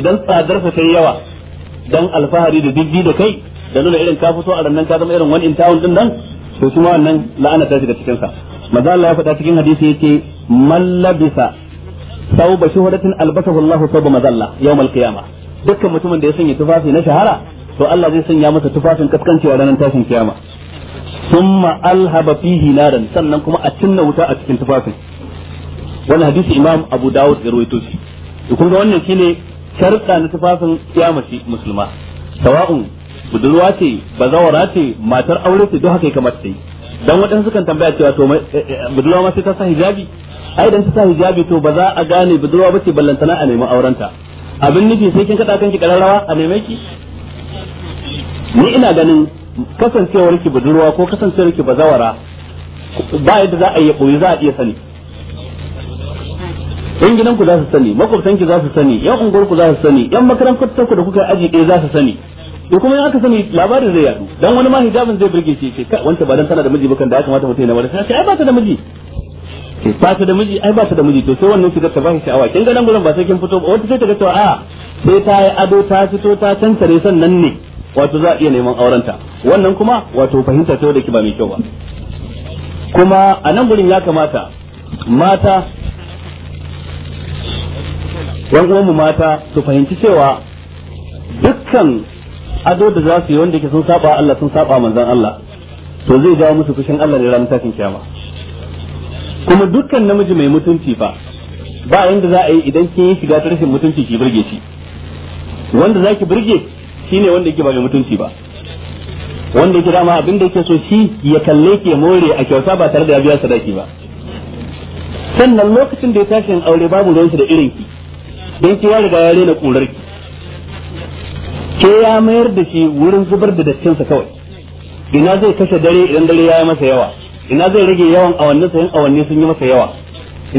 idan tsadarsa ta yi yawa dan alfahari da dibbi da kai da nuna irin ka fito a rannan ka zama irin wani in tawun din nan to kuma wannan la'ana ta shiga cikin sa maza Allah ya faɗa cikin hadisi yake mallabisa sauba shuhratin albasahu Allah sauba mazalla yawm alqiyama dukkan mutumin da ya sanya tufafi na shahara to Allah zai sanya masa tufafin kaskancewa ranar tashin kiyama summa alhaba fihi naran sannan kuma a cinna wuta a cikin tufafin wannan hadisi imam abu dawud ya rawaito shi kun ga wannan shine sharka na tufafin kiyamaci musulma sawa'un budurwa ce bazawara ce matar aure ce duk haka kamar ta yi dan waɗansu sukan tambaya cewa to eh, eh, budurwa ma sai ta sa hijabi ai dan ta sa hijabi to ba za a gane budurwa bace ballantana a neman aurenta abin nufi sai kin kada kanki kararrawa a neme ki ni ina ganin kasancewar ki budurwa ko kasancewar ki bazawara ba yadda za a yi koyi za a iya sani yan gidanku za su sani makwabtanki za su sani yan unguwarku za su sani yan makarantarku da kuka aji ɗaya za su sani to kuma in aka sani labarin zai yadu dan wani ma hijabin zai burge shi ce wanda ba dan tana da miji ba kan da ya kamata mutum na wani sai ai ba ta da miji ba ta da miji ai ba ta da miji to sai wannan shi ta ba shi awa kin ga nan gurin ba sai kin fito ba wanda sai ta ga cewa a sai ta yi ado ta fito ta tantare sannan ne wato za a iya neman aurenta wannan kuma wato fahimta ta da ki ba mai kyau ba kuma a nan gurin ya kamata mata yan uwanmu mata su fahimci cewa dukkan ado da za su yi wanda ke sun saba Allah sun saba manzon Allah to zai jawo musu fushin Allah ne ranar tafin kiyama kuma dukkan namiji mai mutunci fa ba inda za a yi idan kin yi shiga ta rashin mutunci ki burge shi wanda zaki burge shine wanda yake ba mai mutunci ba wanda yake dama abin da yake so shi ya kalle ke more a kyauta ba tare da ya biya sadaki ba sannan lokacin da ya tashi aure babu ruwan shi da irin ki don ki ya riga ya rena ki ke ya mayar da shi wurin zubar da dattinsa kawai ina zai kashe dare idan dare ya yi masa yawa ina zai rage yawan awanni sayan awanni sun yi masa yawa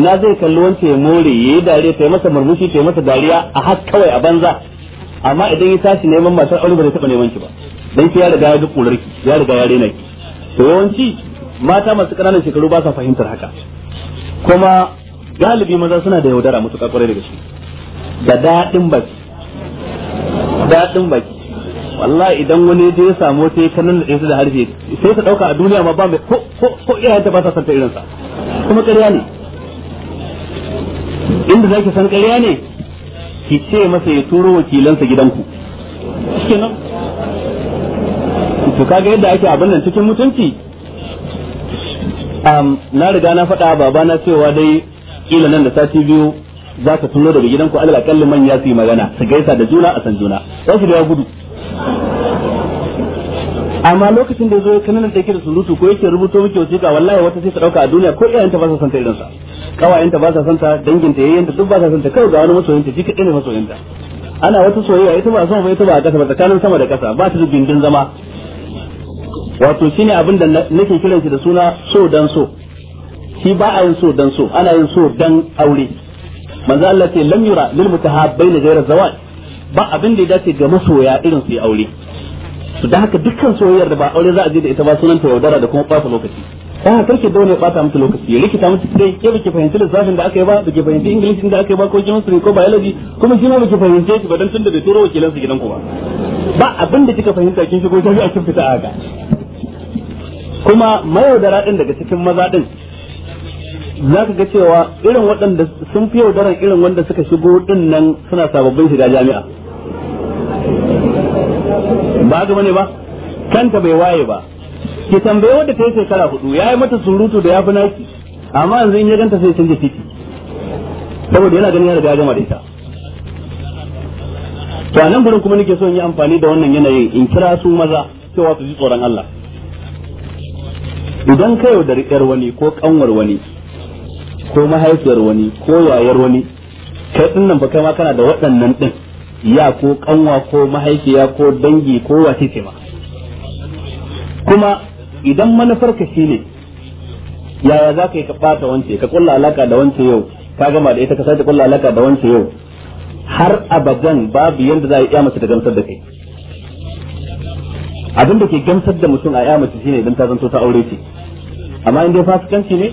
ina zai kalli wance ya more ya yi dare ta yi masa murmushi ta yi masa dariya a hak kawai a banza amma idan ya tashi neman matar aure ba zai taɓa neman ki ba dan ki ya riga ya ga ki ya riga ya rena ki to yawanci mata masu ƙananan shekaru ba sa fahimtar haka kuma galibi maza suna da yaudara mutu kwarai da gaske da daɗin baki daɗin baki wallahi idan wani ya samu sai ta nan da da harfe sai ta ɗauka a duniya ma ba mai ko ko ko iyayenta ba sa santa irinsa kuma ƙarya ne inda zaki san ƙarya ne ki ce masa ya turo wakilansa gidanku nan. to kaga yadda ake abin nan cikin mutunci na riga na faɗa babana cewa dai kila nan da sati biyu za ka tuno daga gidanku alal akalli manya su yi magana su gaisa da juna a san juna wasu da ya gudu amma lokacin da ya zo ya da take da surutu ko yake rubuto miki wasiƙa wallahi wata sai ta dauka a duniya ko iyayenta ba sa son ta irinsa kawayenta ba sa son ta danginta yayyenta duk ba sa son ta kawai ga wani masoyinta ji kaɗai ne masoyinta ana wata soyayya ita ba sama ba ita ba a kasa ba tsakanin sama da kasa ba ta da zama wato shine abin da nake kiran shi da suna so dan so shi ba a yin so dan so ana yin so dan aure manzo Allah ce lam yura lil mutahabbain ghayra zawaj ba abin da ya dace ga masoya irin su aure su da haka dukkan soyayyar da ba aure za a je da ita ba sunan ta yaudara da kuma kwafa lokaci ta haka karke dole ya ɓata mutu lokaci ya likita mutu sai ke baki fahimci lissafin da aka yi ba baki fahimci ingilishi da aka yi ba ko chemistry ko biology kuma shi ma baki fahimce shi ba dan tunda bai turo wakilan su gidan ku ba ba abin da kika fahimta kin shigo jami'a kin fita a haka kuma mayaudara din daga cikin maza din za ka ga cewa irin waɗanda sun fi yaudaran irin wanda suka shigo din nan suna sababbin shiga jami'a ba ga ne ba kanta bai waye ba ki tambaye wanda ta yi shekara hudu ya yi mata surutu da ya fi naki amma yanzu in ya ganta sai canja titi saboda yana ganin ya riga gama da ita to a nan gurin kuma nake son yi amfani da wannan yanayin in kira su maza cewa su ji tsoron Allah idan ka yaudari yar wani ko kanwar wani ko mahaifiyar wani ko yayar wani kai din nan ba kai ma kana da waɗannan din ya ko kanwa ko mahaifiya ko dangi ko wace ce ma kuma idan ka shine yaya za ka yi ka ɓata wance ka kulla alaka da wance yau ka gama da ita ka sake kulla alaka da wance yau har abadan babu yanda za a iya mace da gamsar da kai abin da ke gamsar da mutum a iya mace shine idan ta zanto ta aure ce amma in dai fasikanci ne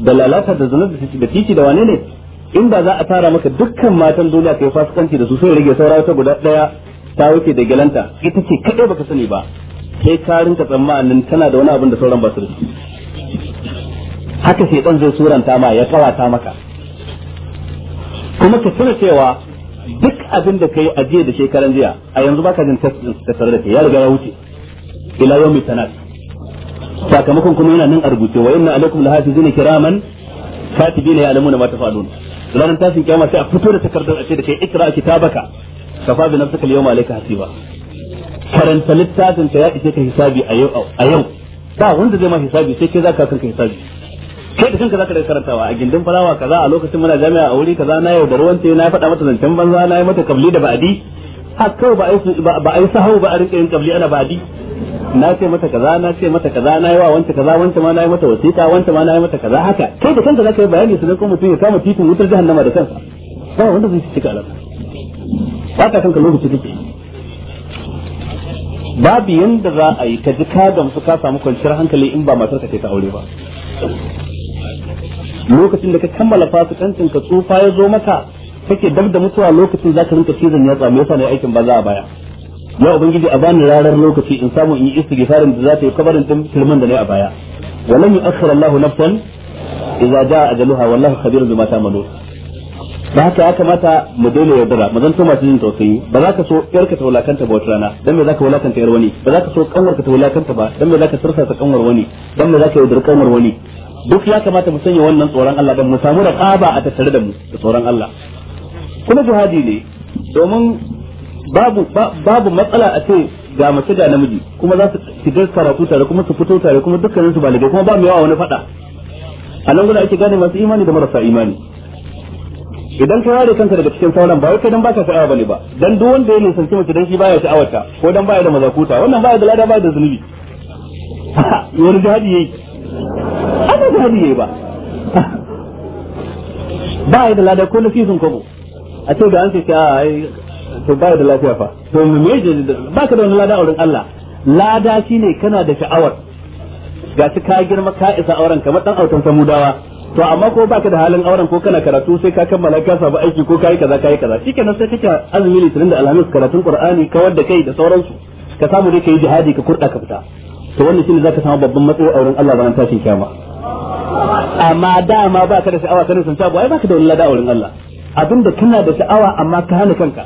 da lalata da zunar da titi da wane ne in ba za a tara maka dukkan matan duniya kai fasikanci da su sai rage saura wata guda daya ta wuce da galanta ita ce kadai baka sani ba karin ka tsammanin tana da wani abin da sauran ba su da haka sai dan zai suranta ma ya kawata maka kuma ka tuna cewa duk abin da kai ajiye da shekaran jiya a yanzu baka jin tasirin da da ya riga ya wuce ila yau mai sakamakon kuma yana nan a rubuce wa inna alaikum lahafizina kiraman katibina ya'lamuna ma tafalun ranar tashin kiyama sai a fito da takardar a ce da kai ikra kitabaka kafa bi nafsika al-yawma alayka hasiba karanta littafin ka ya ishe ka hisabi a yau a yau ba wanda zai ma hisabi sai kai zaka kanka hisabi kai da kanka zaka da karantawa a gindin farawa kaza a lokacin muna jami'a a wuri kaza na yau da ruwan na faɗa mata zancen banza na yi mata kabli da ba'adi haka ba a yi ba a yi sahau ba a rinka yin kabli ana ba'adi na ce mata kaza na ce mata kaza na yi wa wanta kaza wanta ma na yi mata wasiƙa wanta ma na yi mata kaza haka kai da kanka zaka yi bayani su ko mutum ya kama titin wutar jahannama da kansa ba wanda zai cika alaka ba ka kanka lokaci kake babu yanda za a yi ka ji ka gamsu ka samu kwanciyar hankali in ba matar ka ta aure ba lokacin da ka kammala fasikancin ka tsufa ya zo maka kake dab da mutuwa lokacin zaka rinka cizon yatsa me yasa ne aikin ba za a baya ya ubangiji a bani ranar lokaci in samu in yi istighfarin da za ta yi kabarin din sulman da ne a baya walan yu'akhkhir Allahu nafsan idza jaa ajaluha wallahu khabirun bima ta'malun haka ya kamata mu daina yaudara mu zanto masu yin tausayi ba za ka so yarka ta wulakanta ba wata rana dan me za ka wulakanta yar wani ba za ka so kanwarka ta wulakanta ba dan me za ka ta kanwar wani dan me za ka yaudar kanwar wani duk ya kamata mu sanya wannan tsoron Allah dan mu samu da ƙaba a tattare da mu da tsoron Allah kuma jihadi ne domin babu babu matsala a ce ga mace da namiji kuma za su shiga karatu tare kuma su fito tare kuma dukkanin su balige kuma ba mai yawa wani fada a nan gudu ake gane masu imani da marasa imani idan ka ware kanka daga cikin sauran ba kai dan baka sha'awa bane ba dan duk wanda ya nisanci mace dan shi baya sha'awarta ko dan baya da mazakuta wannan baya da lada baya da zunubi wani jihadi yayi ana jihadi yayi ba baya da lada ko nafisin kobo a ce da an ce a ah, to baya da lafiya fa to me ka da wani lada aurin Allah lada shine kana da sha'awar ga shi ka girma ka isa auren kamar dan autan samudawa to amma ko baka da halin auren ko kana karatu sai ka kammala ka samu aiki ko kai kaza kai kaza shikenan sai kake azumi litrin da alhamis karatun qur'ani kawar da kai da sauransu ka samu dai kai jihadi ka kurda ka fita to wannan shine zaka samu babban matsayi auren Allah ranar tashin kiyama amma dama ka da sha'awa kana san sabo ai ka da wani lada auren Allah abinda kana da sha'awa amma ka hana kanka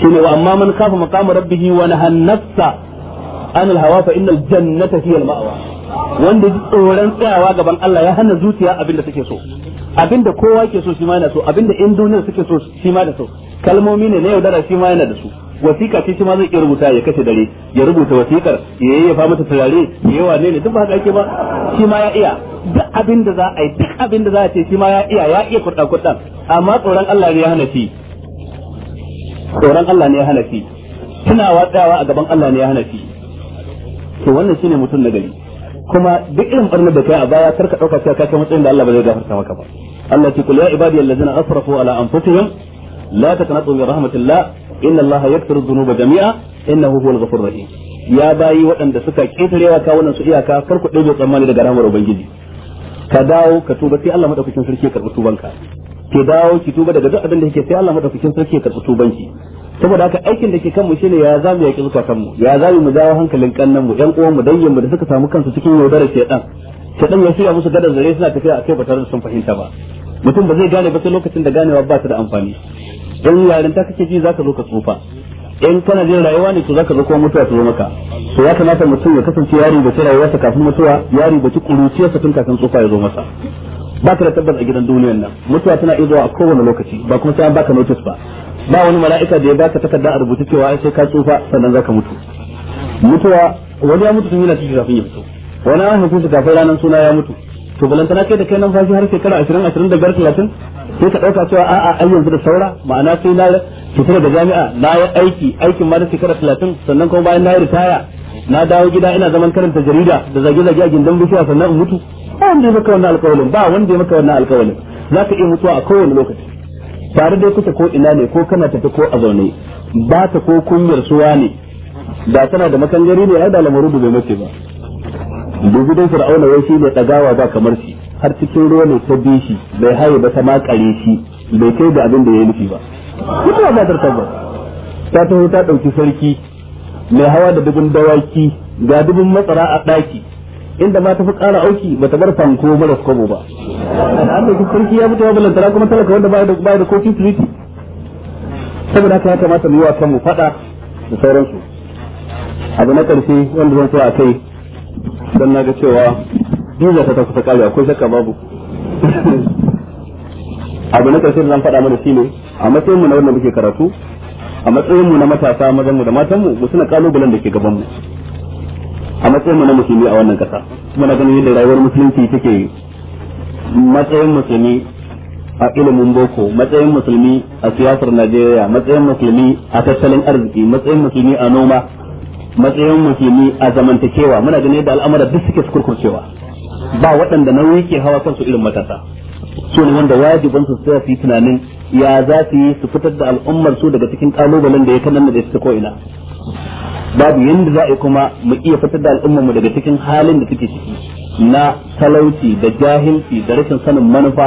shine wa amma man kafa maqama rabbihi wa nahan nafsa an alhawa hawa fa innal jannata hiya al wanda ji tsoron tsayawa gaban Allah ya hana zuciya abinda suke so abinda kowa ke so shi ma yana so abinda in duniyar suke so shi ma da so kalmomi ne na yaudara shi ma yana da su wasiƙa ce shi ma zai iya rubuta ya kashe dare ya rubuta wasiƙar ya yayyafa mata turare ya yi wane ne duk ba haka ake ba shi ma ya iya duk abin da za a yi duk abin da za a ce shi ma ya iya ya iya kurɗa kurɗa amma tsoron Allah ne ya hana shi tsoron Allah ne ya hana fi suna watsawa a gaban Allah ne ya hana fi to wannan shine mutum na gari kuma duk irin barnar da kai a baya kar ka dauka cewa ka kai matsayin da Allah ba zai gafarta maka ba Allah ce kul ya ibadi allazina asrafu ala anfusihim la taqnatu min rahmatillah inna Allah yaghfiru dhunuba jami'a innahu huwal ghafurur rahim ya bayi waɗanda suka ketarewa kawunan su iyaka kar ku ɗauke tsammani daga rahmar ubangiji ka dawo ka tuba sai Allah madaukakin sarki ya karɓi tubanka ke dawo ki tuba daga duk abin da yake sai Allah madaukakin sarki ya karɓi tubanki saboda haka aikin da ke kan mu shine ya zamu yaki zukatan mu ya zamu mu dawo hankalin kannan mu yan uwan mu dangin mu da suka samu kansu cikin yaudarar shedan shedan ya shirya musu gadan zare suna tafiya akai ba tare da sun fahimta ba mutum ba zai gane ba sai lokacin da ganewa ba ta da amfani in yarinta kake ji zaka zo ka tsufa in kana jin rayuwa ne to zaka zo kuma mutuwa ta zo maka to ya kamata mutum ya kasance yari da rayuwarsa kafin mutuwa yari da ci kuruciyarsa tun kafin tsufa ya zo masa ba ka da tabbas a gidan duniyar nan mutuwa tana iya a kowane lokaci ba kuma sai an baka notice ba ba wani mala'ika da ya baka takarda a rubuta cewa sai ka tsufa sannan zaka mutu mutuwa wani ya mutu tun yana ciki kafin ya fito wani an haife su kafin ranar suna ya mutu to balantana kai da kai fashi har shekara 20 biyar talatin sai ka ɗauka cewa a'a ai yanzu da saura ma'ana sai na fitar da jami'a na yi aiki aikin ma da shekara talatin sannan kuma bayan na yi ritaya na dawo gida ina zaman karanta jarida da zage-zage a gindan bishiya sannan in mutu ba wanda ya maka wannan alkawalin. ba wanda ya maka wannan alkawalin. za ka iya mutuwa a kowane lokaci tare da kusa ko ina ne ko kana tafi ko a zaune ba ta ko kunyar suwa ne da tana da makangari ne ai da lamarin da bai mace ba Duk gidan fir'auna wai shi ne dagawa ba kamar shi har cikin ruwa ne ta bishi bai haye ba ta makare shi bai kai da abin da ya nufi ba mutuwa ba ta tabbata ta ta dauki sarki mai hawa da dubin dawaki ga dubin matsara a ɗaki inda ma tafi ƙara auki ba ta bar fanko mara kwabo ba an da ɗauki sarki ya fito balan tara kuma talaka wanda ba da da kofi turiti saboda haka ya kamata mu yi wa kanmu faɗa da sauransu abu na ƙarshe wanda zan tsaya kai don na ga cewa duba ta tafi kusa ƙari akwai shakka babu abu na ƙarshe da zan faɗa mana shi ne a matsayin mu na wanda muke karatu a matsayin mu na matasa mazan mu da matan mu mu suna kalubalen da ke gaban mu a matsayin mu na musulmi a wannan kasa muna ganin yadda rayuwar musulunci take matsayin musulmi a ilimin boko matsayin musulmi a siyasar najeriya matsayin musulmi a tattalin arziki matsayin musulmi a noma matsayin musulmi a zamantakewa muna ganin yadda al'amura duk suke kurkurcewa ba waɗanda nauyi ke hawa kansu irin matasa su ne wanda wajiban su sai su yi tunanin ya za su yi su fitar da al'ummar su daga cikin kalubalen da ya kananna da su ko ina babu yanda za a kuma mu iya fitar da al'ummar mu daga cikin halin da suke ciki na talauci da jahilci da rashin sanin manufa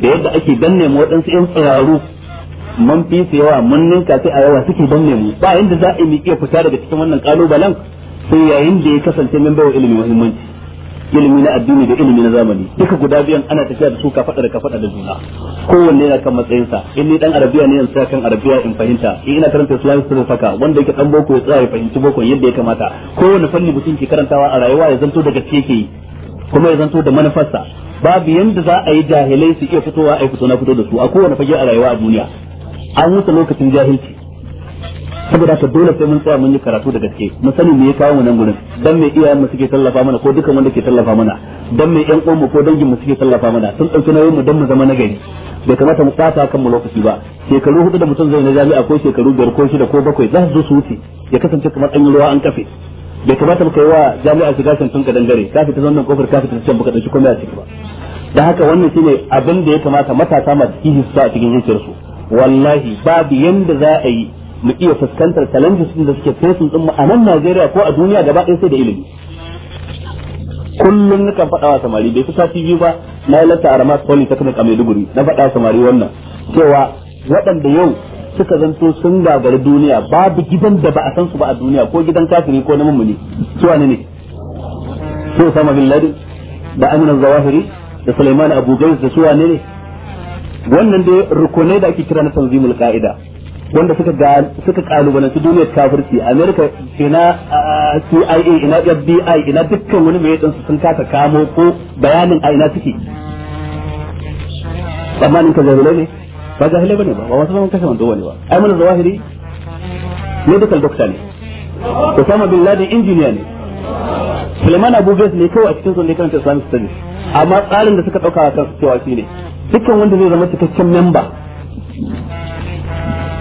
da yadda ake danne mu waɗansu 'yan tsiraru man fi su yawa mun ninka sai a yawa suke danne mu ba inda za a iya fita daga cikin wannan kalubalen sai yayin da ya kasance mun bai wa ilimi muhimmanci ilimi na addini da ilimi na zamani duka guda biyan ana tafiya da su ka faɗa da ka faɗa da juna kowanne yana kan matsayinsa in ni dan arabiya ne yanzu kan arabiya in fahimta in ina karanta islamic studies faka wanda yake dan boko ya tsaya ya fahimci boko yadda ya kamata kowanne fanni mutum ke karantawa a rayuwa ya zanto da gaske kuma ya zanto da manufarsa babu yanda za a yi jahilai su iya fitowa a yi fito na fito da su a kowanne fage a rayuwa a duniya an wuce lokacin jahilci saboda ka dole sai mun tsaya mun yi karatu da gaske mu sani me ya kawo mu nan gurin dan me iyayen mu suke tallafa mana ko dukan wanda ke tallafa mana dan me yan uwan mu ko dangin mu suke tallafa mana sun dauki nauyin mu dan mu zama nagari bai kamata mu tsata kan mu lokaci ba shekaru hudu da mutum zai na jami'a ko shekaru biyar ko shida ko bakwai za su zo su wuce ya kasance kamar an yi ruwa an kafe bai kamata mu kai wa jami'a shiga tun kadan dangare ka fita zannan kofar ka fita can baka dauki komai a ciki ba da haka wannan shine abin da ya kamata matasa masu kishi su a cikin zuciyarsu wallahi babu yanda za a yi mu iya fuskantar challenges din da suke facing din mu a nan Najeriya ko a duniya gaba ɗaya sai da ilimi kullum na kan faɗawa samari bai fita TV ba na yi lata a Ramat kuma a duguri na faɗa samari wannan cewa waɗanda yau suka zanto sun gagari duniya babu gidan da ba a san su ba a duniya ko gidan kafiri ko na mummuni su wani ne su sama bin da Amina Zawahiri da suleiman Abu Gaiz da su wani ne wannan dai rukunai da ake kira na tanzimul ka'ida wanda suka ga suka kalubalanci duniyar kafirci America ina CIA ina FBI ina dukkan wani mai yadda sun kasa kamo ko bayanin a ina suke amma ka jahilai ne ba jahilai bane ba ba wasu zaman kashe wando wani ba ai mana zawahiri medical doctor ne Osama bin Laden engineer ne Suleiman Abu Ghaz ne kawai a cikin sun ne karanta Islamic studies amma tsarin da suka dauka kansu cewa shine dukkan wanda zai zama cikakken member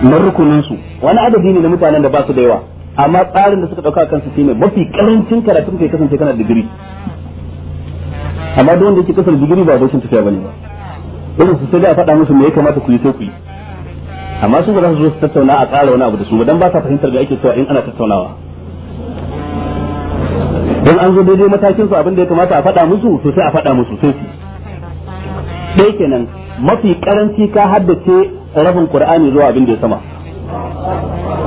na rukunin su wani adadi ne na mutanen da ba su da yawa amma tsarin da suka dauka kansu shine mafi karancin karatun kai kasance kana digiri amma duk wanda yake kasar digiri ba abokin tafiya bane ba irin su sai da faɗa musu me ya kamata ku yi sai ku yi amma su ba za su zo su tattauna a tsara wani abu da su dan ba sa fahimtar da ake cewa in ana tattaunawa dan an zo daidai matakin su abin da ya kamata a faɗa musu to sai a faɗa musu sai su dai kenan mafi karanci ka haddace rabin qur'ani zuwa abin da ya sama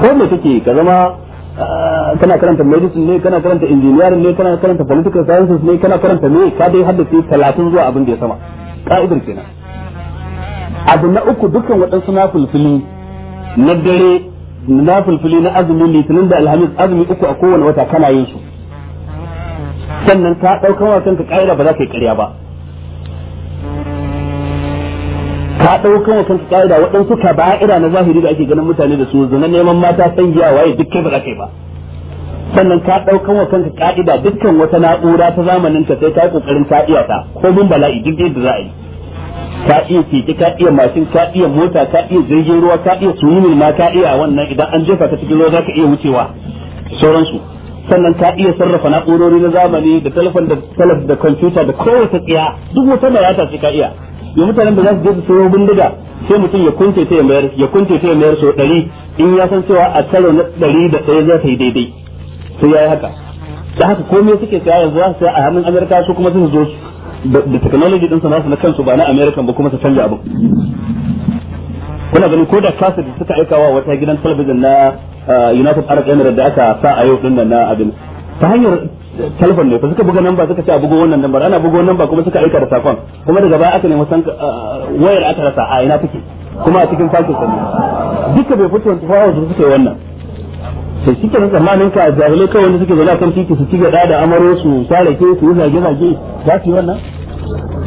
ko me take ka zama ah, kana karanta medicine ne kana karanta engineering ne kana karanta political sciences ne kana karanta me ka dai haddace talatin zuwa abin da ya sama ka'idar kenan abu na uku dukkan waɗansu na fulfili na dare na fulfili na azumi litinin da alhamis azumi uku a kowane wata kana yin su sannan ka ɗaukar wa kanka ƙa'ida ba za ka yi ƙarya ba ka ɗaukan wa kanka ƙa'ida waɗansu kaba'ira na zahiri da ake ganin mutane da su zina neman mata san giya waye duk kai ba za kai ba sannan ka ɗaukan wa kanka ƙa'ida dukkan wata na'ura ta zamanin ka sai ka kokarin ka iya ta ko bala'i duk yadda za a yi ka iya keke ka iya mashin ka iya mota ka iya jirgin ruwa ka iya swimming ma ka iya wannan idan an jefa ka cikin ruwa za ka iya wucewa sauransu sannan ka iya sarrafa na'urori na zamani da telefon da da kwamfuta da kowace tsiya duk wata mayata ce ka iya ya mutanen da za su je su sayo bindiga sai mutum ya kunce ta ya mayar ya kunce ta ya mayar so ɗari in ya san cewa a karo na ɗari da ɗaya za ta yi daidai sai ya yi haka da haka komai suke saya yanzu za su saya a hannun amurka su kuma sun zo da technology din su nasu na kansu ba na american ba kuma su canja abu kuna ganin ko da kasa da suka aika wa wata gidan talabijin na uh, united arab emirates da aka sa a yau din nan na abin ta hanyar telefon ne fa suka buga namba suka ce a bugo wannan namba ana bugo namba kuma suka aika da sakon kuma daga baya aka nemi san uh, uh, wayar aka rasa a ina take kuma a cikin fakin sa duka bai fito wanda fawo su suke wannan sai suke nan tsammanin ka jahilai kawai wanda suke zaune kan titi su ci gaba da amaro su sare ke su yi zage zage za su yi wannan